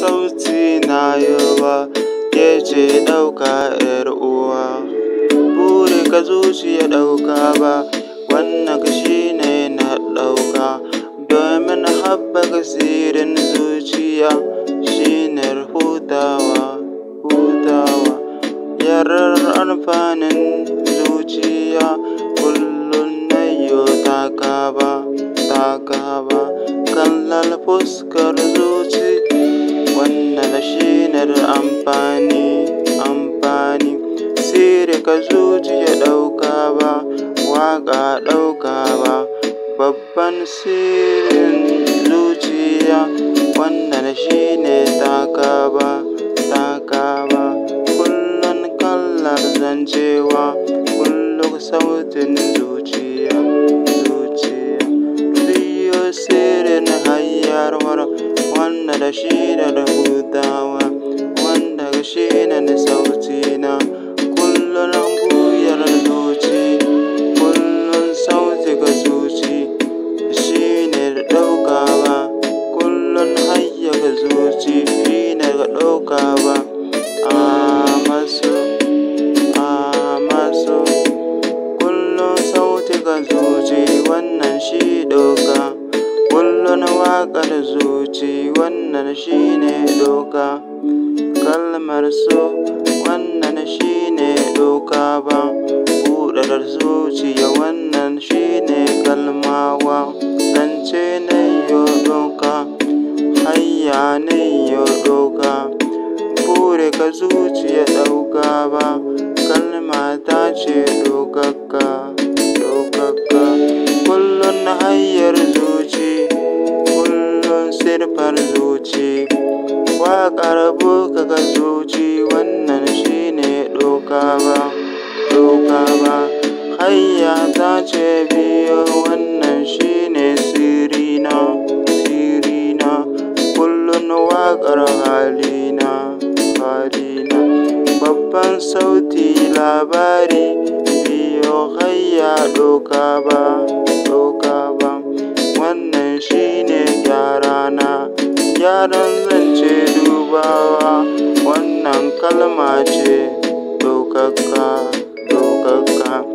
sauti na yaba ke ce ɗauka ‘yar uwa. Buri ka zuciya ɗauka ba, wannan ka shi ne na ɗauka. Domin haɓaka sirrin zuciya shi ne hutawa, hutawa. Yarar amfanin zuciya kullum na yo takaba, takaba. fuskar zuciya. amfani amfani sirri ka zuciya ɗauka ba waƙa ɗauka ba babban sirrin zuciya wannan shine taka ba taka ba kullum kallar zancewa kullum sautin zuciya zuciya biyo sirrin hayyarwar wannan shine rubutawa zuci wannan shi doka kullun waƙar zuci wannan shi ne doka kalmar so wannan shi ne doka ba buɗar zuciya wannan shi ne kalmawa zance ne yo doka hayya ne yo doka bure ka zuciya ɗauka ba kalma ta ce dokakka kirfar zuci waƙar buga ga zuci wannan shine doka ba doka ba hayya ta ce biyo wannan shine sirina sirina kullun waƙar halina halina babban sauti labari biyo hayya doka ba doka ba wannan shine gyara Gyaran zance dubawa wannan kalma ce ɗaukaka, ɗaukaka.